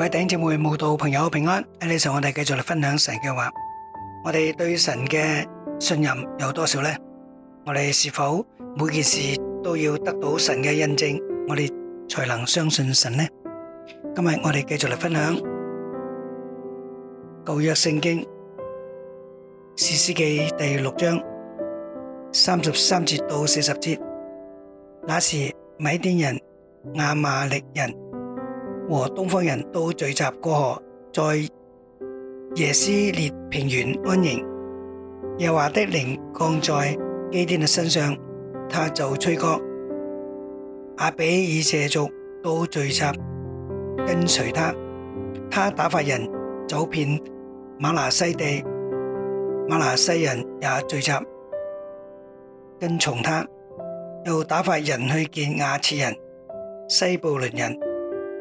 各位弟兄姐妹、慕道朋友平安，喺呢度，我哋繼續嚟分享神嘅話。我哋對神嘅信任有多少呢？我哋是否每件事都要得到神嘅印證，我哋才能相信神呢？今日我哋繼續嚟分享舊約聖經士師記第六章三十三節到四十節。那時米甸人、亞瑪力人。和東方人都聚集過河，在耶斯列平原安營。耶華的靈降在基甸嘅身上，他就吹角。阿比以謝族都聚集跟隨他，他打發人走遍馬拉西瑪拿西地，瑪拿西人也聚集跟從他。又打發人去見亞次人、西布倫人、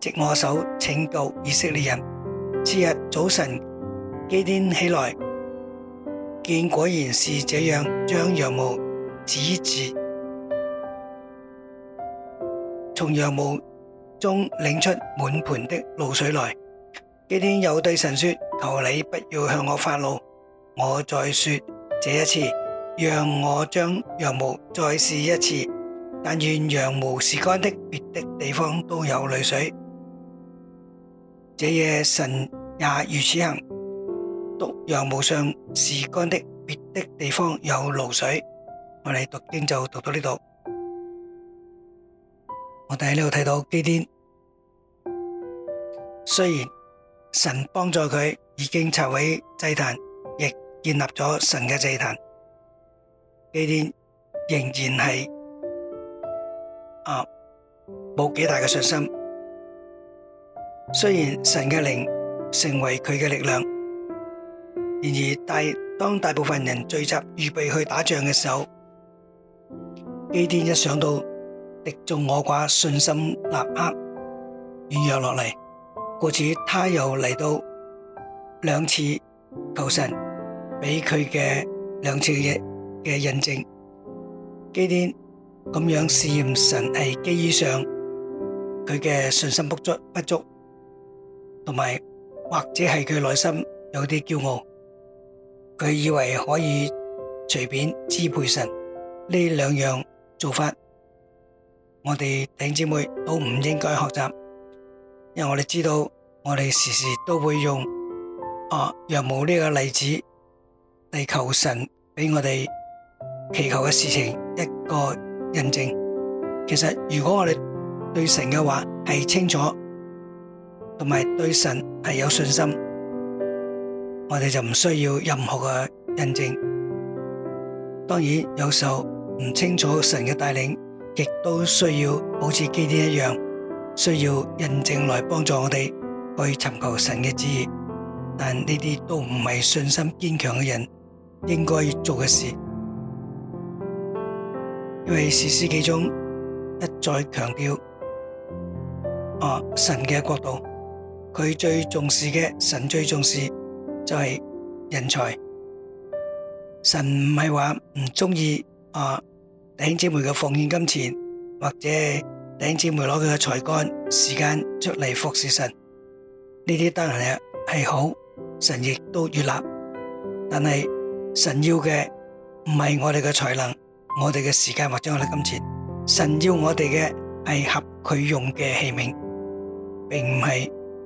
藉我手拯救以色列人。次日早晨，基甸起來，見果然是這樣，將羊毛指住，從羊毛中擰出滿盆的露水來。基甸又對神說：求你不要向我發怒，我再說這一次，讓我將羊毛再試一次。但願羊毛是乾的，別的地方都有淚水。這夜神也如此行，獨羊毛上是乾的，別的地方有露水。我哋讀經就讀到呢度，我哋喺呢度睇到基甸，雖然神幫助佢已經拆毀祭壇，亦建立咗神嘅祭壇，基甸仍然係啊冇幾大嘅信心。雖然神嘅靈成為佢嘅力量，然而大當大部分人聚集預備去打仗嘅時候，基甸一想到敵眾我寡，信心立刻軟弱落嚟。故此，他又嚟到兩次求神畀佢嘅兩次嘅印證。基甸噉樣試驗神係基於上佢嘅信心不足不足。同埋或者係佢內心有啲驕傲，佢以為可以隨便支配神。呢兩樣做法，我哋弟兄姊妹都唔應該學習，因為我哋知道我哋時時都會用啊若無呢個例子嚟求神俾我哋祈求嘅事情一個印證。其實如果我哋對神嘅話係清楚。同埋對神係有信心，我哋就唔需要任何嘅印證。當然有時候唔清楚神嘅帶領，亦都需要好似基甸一樣，需要印證來幫助我哋去尋求神嘅旨意。但呢啲都唔係信心堅強嘅人應該做嘅事，因為士師記中一再強調啊神嘅國度。佢最重視嘅，神最重視就係人才。神唔係話唔中意啊，弟兄姊妹嘅奉獻金錢或者弟兄姊妹攞佢嘅才幹、時間出嚟服侍神，呢啲當然係係好，神亦都接納。但係神要嘅唔係我哋嘅才能、我哋嘅時間或者我哋嘅金錢，神要我哋嘅係合佢用嘅器皿，並唔係。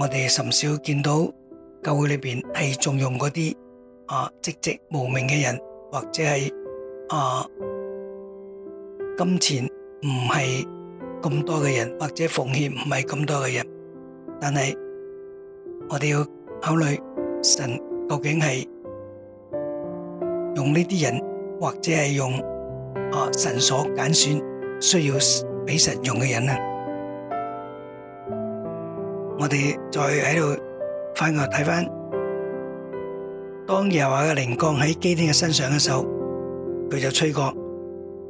我哋甚少見到教會裏邊係重用嗰啲啊籍籍無名嘅人，或者係啊金錢唔係咁多嘅人，或者奉獻唔係咁多嘅人。但係我哋要考慮神究竟係用呢啲人，或者係用啊神所揀選需要俾神用嘅人呢？我哋再喺度翻去睇翻，當耶和華嘅靈降喺基甸嘅身上嘅時候，佢就吹角，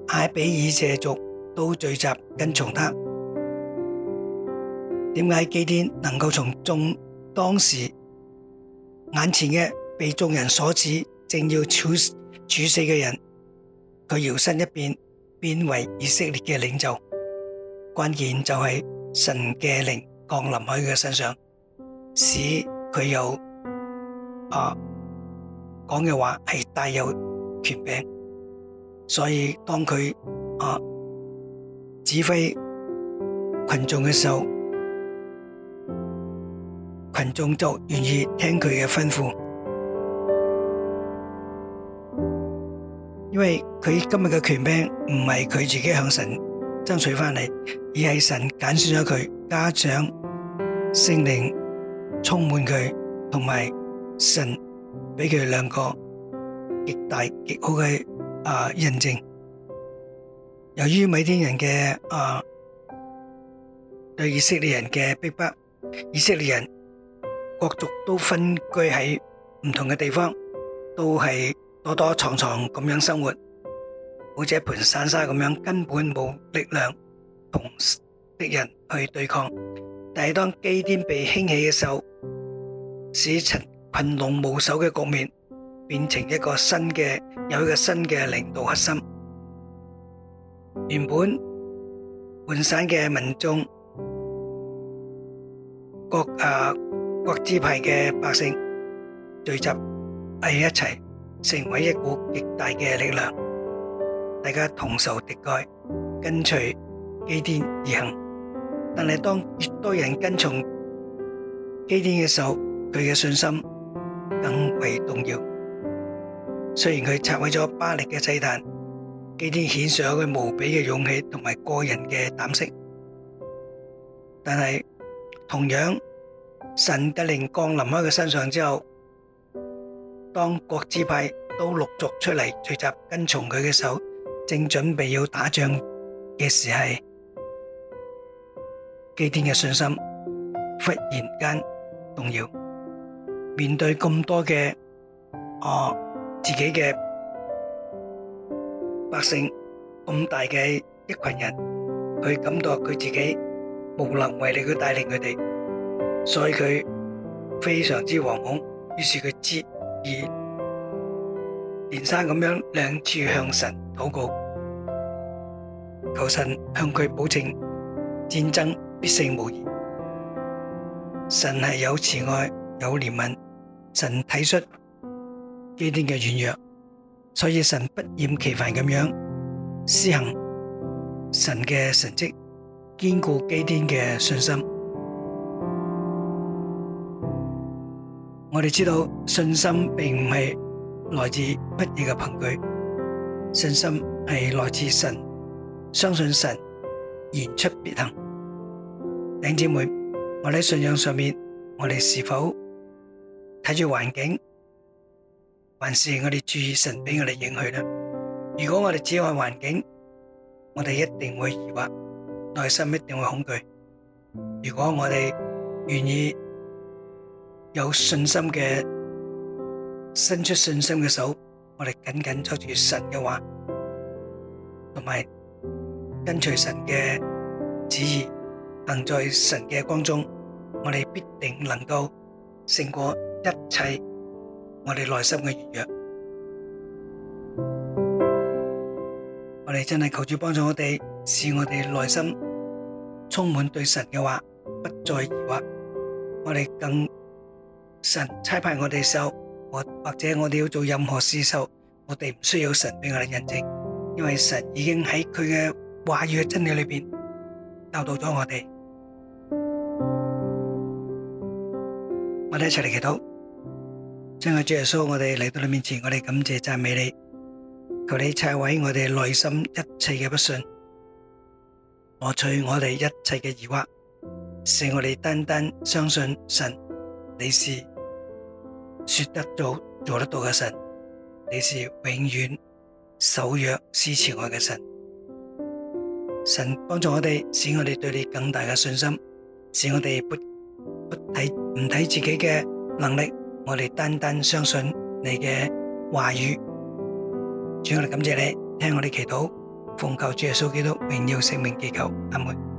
亞比以謝族都聚集跟從他。點解基甸能夠從眾當時眼前嘅被眾人所指正要處處死嘅人，佢搖身一變變為以色列嘅領袖？關鍵就係神嘅靈。降臨喺佢嘅身上，使佢有啊講嘅話係帶有權柄，所以當佢啊指揮群眾嘅時候，群眾就願意聽佢嘅吩咐，因為佢今日嘅權柄唔係佢自己向神爭取翻嚟，而係神揀選咗佢，加上。聖靈充滿佢，同埋神俾佢兩個極大極好嘅啊印證。由於米甸人嘅啊對以色列人嘅逼迫，以色列人各族都分居喺唔同嘅地方，都係躲躲藏藏咁樣生活，好似一盤散沙咁樣，根本冇力量同敵人去對抗。但係當基甸被興起嘅時候，使陳群群龍無首嘅局面變成一個新嘅，有一個新嘅領導核心。原本渙散嘅民眾，各啊各支派嘅百姓聚集喺一齊，成為一股極大嘅力量。大家同仇敵愾，跟隨基甸而行。但係當越多人跟從基甸嘅時候，佢嘅信心更為動搖。雖然佢拆毀咗巴力嘅祭壇，基甸顯示咗佢無比嘅勇氣同埋個人嘅膽識。但係同樣神嘅靈降臨喺佢身上之後，當各支派都陸續出嚟聚集跟從佢嘅時候，正準備要打仗嘅時候。祭天嘅信心忽然間動搖，面對咁多嘅我自己嘅百姓咁大嘅一群人，佢感到佢自己無能為力，去帶領佢哋，所以佢非常之惶恐。於是佢接二連三咁樣兩次向神禱告，求神向佢保證戰爭。必勝無疑。神係有慈愛、有憐憫，神體恤基甸嘅軟弱，所以神不厭其煩咁樣施行神嘅神蹟，堅固基甸嘅信心。我哋知道信心並唔係來自乜嘢嘅憑據，信心係來自神，相信神言出必行。兄姐妹，我哋喺信仰上面，我哋是否睇住環境，還是我哋注意神俾我哋應許呢？如果我哋只睇環境，我哋一定會疑惑，內心一定會恐懼。如果我哋願意有信心嘅伸出信心嘅手，我哋緊緊抓住神嘅話，同埋跟隨神嘅旨意。行在神嘅光中，我哋必定能夠勝過一切我哋內心嘅軟弱。我哋真係求主幫助我哋，使我哋內心充滿對神嘅話，不再疑惑。我哋更神猜派我哋嘅時候，或或者我哋要做任何事嘅時候，我哋唔需要神俾我哋印證，因為神已經喺佢嘅話語嘅真理裏邊。教導咗我哋，我哋一齊嚟祈禱。親愛的主耶穌，我哋嚟到你面前，我哋感謝讚美你，求你拆毀我哋內心一切嘅不信，磨碎我哋一切嘅疑惑，使我哋單單相信神。你是說得到、做得到嘅神，你是永遠守約施慈愛嘅神。神幫助我哋，使我哋對你更大嘅信心，使我哋不不睇唔睇自己嘅能力，我哋單單相信你嘅話語。主，我哋感謝你，聽我哋祈禱，奉求主耶穌基督榮耀聖名，祈求阿門。